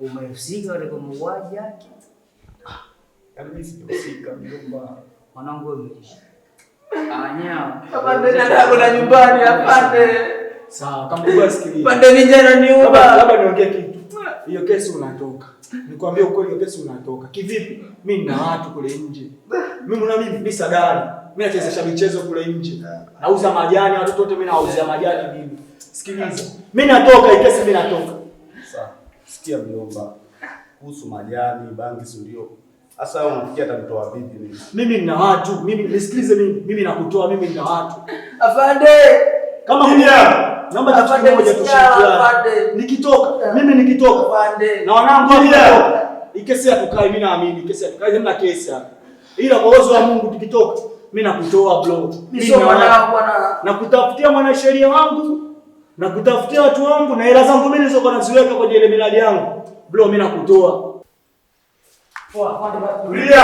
Umehusika katika mauaji yake? Ah, mjomba. Mwanangu ah, na nyumbani Pande ni jana ni niua. Labda niongee kitu. Hiyo kesi unatoka, nikwambia ukweli, hiyo kesi unatoka. Kivipi? Mimi nina watu kule nje, mimi na mimi bisa gari, mimi nachezesha michezo kule nje, nauza majani, watoto wote mimi nawauzia majani. Mimi sikiliza, mimi natoka, ikesi mimi natoka nasikia mliomba kuhusu majani bangi, si ndio? Sasa wewe unafikia atakutoa vipi? Mimi mimi nina watu mimi, nisikilize mimi, mimi nakutoa mimi, nina watu afande. Kama kuna naomba tafadhali moja tushirikiane, nikitoka mimi nikitoka afande, na wanangu wapo, ikesi ya tukai, mimi naamini ikesi ya tukai, mna kesi hapa, ila kwa uwezo wa Mungu tukitoka, mimi nakutoa bro, mimi na na wanangu, kutafutia mwanasheria wangu na kutafutia watu wangu na hela zangu mimi nilizokuwa naziweka kwenye ile miradi yangu. Bro, mimi nakutoa. Poa, tulia.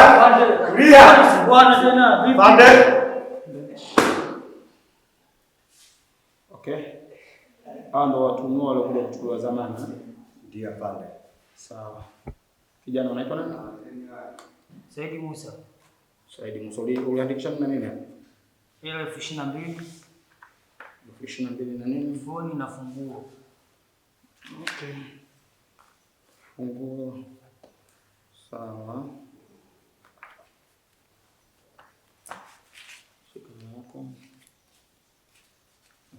Tulia. Bwana Pande. Okay. Hawa ndo watumwa waliokuja kuchukuliwa zamani. Eh? Ndio pande. Sawa. Kijana unaitwa nani? Saidi Musa. Saidi Musa, uliandikisha nini? Ile elfu ishirini na mbili elfu ishirini na mbili na nne foni na funguo. Okay, funguo sawa,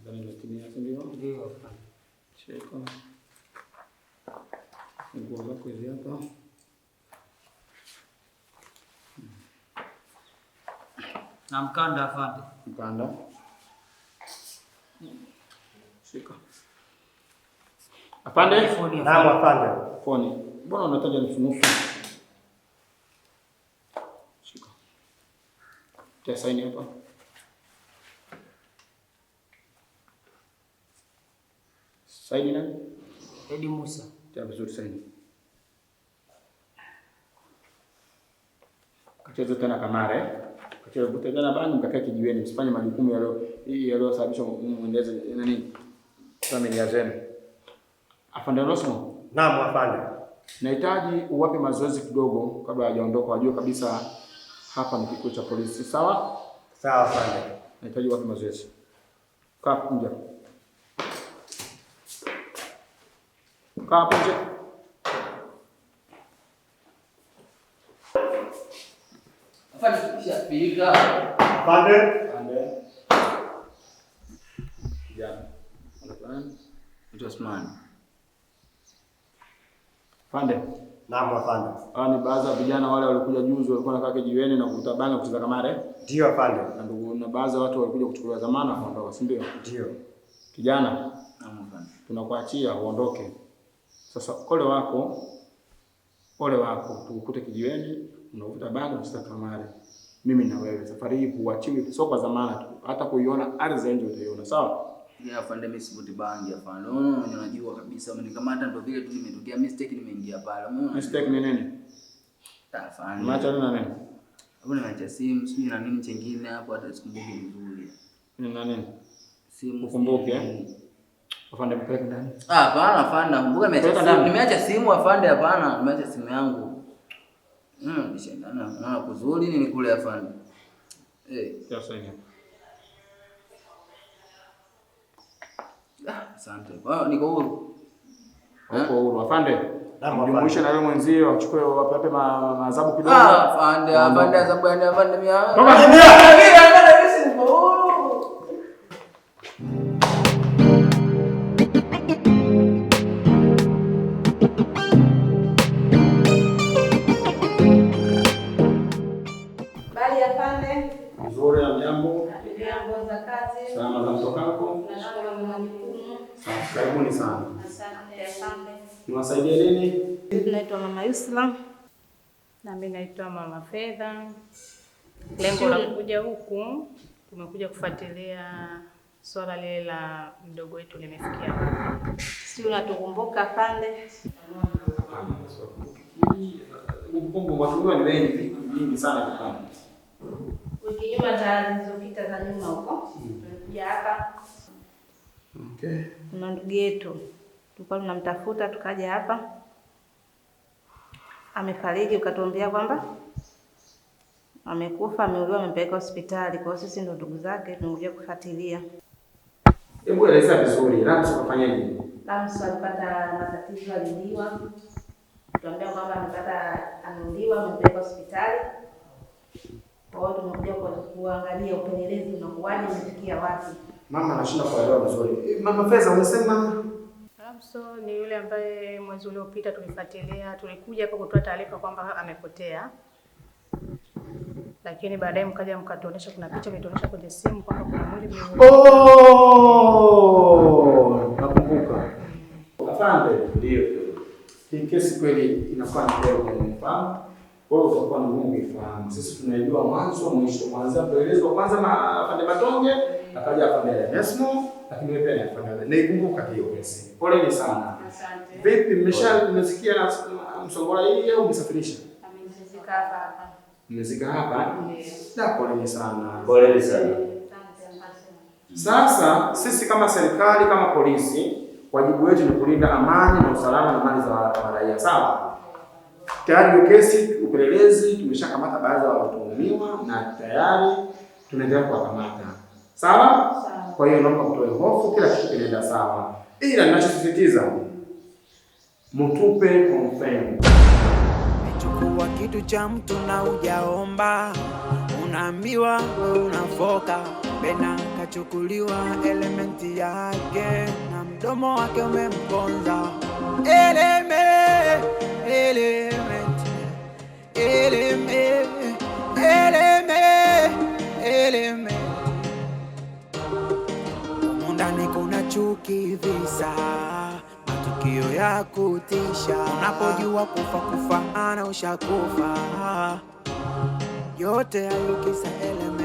yako ndio cheka funguo zako hizi hapa. Na mkanda afande, mkanda Shika. Apande? Naam, apande. Foni. Mbona unataja nusu nusu? Shika. Tia saini hapa. Saini nani? Edi Musa. Tia vizuri saini. Kacheza tena kamare eh? Kacheza tena bani mkakaa kijiweni msifanye majukumu yaliyo yaliyosababisha mwendeleze nani? Afande Rosmo. Naam, afande. Nahitaji uwape mazoezi kidogo kabla hajaondoka, wajue kabisa hapa ni kituo cha polisi. Sawa? Sawa afande. Nahitaji uwape mazoezi. Kaa nje. Kaa nje. Afande, shapika. Afande. Afande. Yeah. Osman. Fande. Naam, afande. Hawa ni baadhi ya vijana wale walikuja juzi walikuwa wanakaa kijiweni na kuvuta bangi kucheza kamare. Ndio afande. Na ndugu na baadhi ya watu walikuja kuchukuliwa dhamana wakaondoka, si ndio? Ndio. Kijana. Naam, afande. Tunakuachia uondoke. Sasa ole wako. Ole wako tukukute kijiweni unavuta bangi kucheza kamare. Mimi na wewe safari hii huachiwi, sio kwa dhamana tu, hata kuiona ardhi nje utaiona, sawa? ya afande mimi sivuti bangi afande. Oh, unajua kabisa umenikamata ndio vile tu nimetokea mistake nimeingia pala. Mistake ni nini? Afande. Mata na nini? Hapo nimeacha simu, sijui na nini chengine hapo hata sikumbuki vizuri. Ni na nini? Simu kumbuke. Eh? Afande mpeke ndani. Ah, hapana afande, nakumbuka nimeacha simu. Nimeacha simu afande, hapana, nimeacha simu yangu. Mm, bishandana. Na kuzuri ni kule afande. Eh. Sasa hivi. Asante. Kwa hiyo niko huru. Uko huru, afande. Mjumuishe na wewe mwenzio achukue wape adhabu kidogo. Ah, afande, afande adhabu, afande mia. Karibuni sana. Asante, asante. Niwasaidie nini? Naitwa Mama Yusla. Na mimi naitwa Mama Fedha. Lengo la kuja huku tumekuja kufuatilia swala lile la mdogo wetu limefikia. Si unatukumbuka pale? Watu ni wengi sana. Wiki nyuma zilizopita za nyuma huko hmm. tulikuja hapa Okay. Kuna ndugu yetu tulikuwa tunamtafuta tukaja hapa, amefariki, ukatuambia kwamba amekufa, ameuliwa, amepeleka hospitali. Kwa hiyo sisi ndio ndugu zake tumekuja kufuatilia. Hebu eleza vizuri, Ramsu kafanya nini? Ramsu alipata matatizo, aliuliwa, tuambia kwamba amepata, ameuliwa, amepeleka hospitali. Kwa hiyo tumekuja kuangalia upelelezi unakuwaje, umefikia wapi. Mama anashinda kuelewa vizuri. Eh, Mama Feza, umesema Ramso ni yule ambaye mwezi uliopita tulifuatilia, tulikuja hapa kutoa taarifa kwamba amepotea, lakini baadaye mkaja mkatuonesha, kuna picha imetuonesha kwenye simu kwamba kuna mwili. Oh, nakumbuka. Asante. ndio. Hii kesi kweli inakuwa ni leo kwa kumfahamu. Wewe utakuwa na mungu ifahamu. Sisi tunajua mwanzo mwisho, mwanzo kuelezwa kwanza na afande Matonge akaja hapa mbele Mesmo, lakini pia nafanya naikumbuka hiyo pesa. ni sana. Asante. Vipi mmesha mmesikia Msongola hii au msafirisha? Amezika hapa. hapa. Mmezika hapa? Na pole ni sana. Pole ni sana. Sasa sisi kama serikali kama polisi wajibu wetu ni kulinda amani na usalama na mali za raia. Sawa? Tayari hiyo kesi upelelezi tumeshakamata baadhi ya watuhumiwa na tayari tunaendelea kuwakamata. Sawa? Kwa hiyo naomba mtoe hofu, kila kitu kinaenda sawa, ila ninachosisitiza mtupe confirm. Chukua kitu cha mtu na ujaomba, unaambiwa unafoka. Bena kachukuliwa elementi yake na mdomo wake umemponza. Element, element, element. Ndani kuna chuki, visa, matukio ya kutisha. Unapojua kufa kufa, ana ushakufa yote hayo, kisa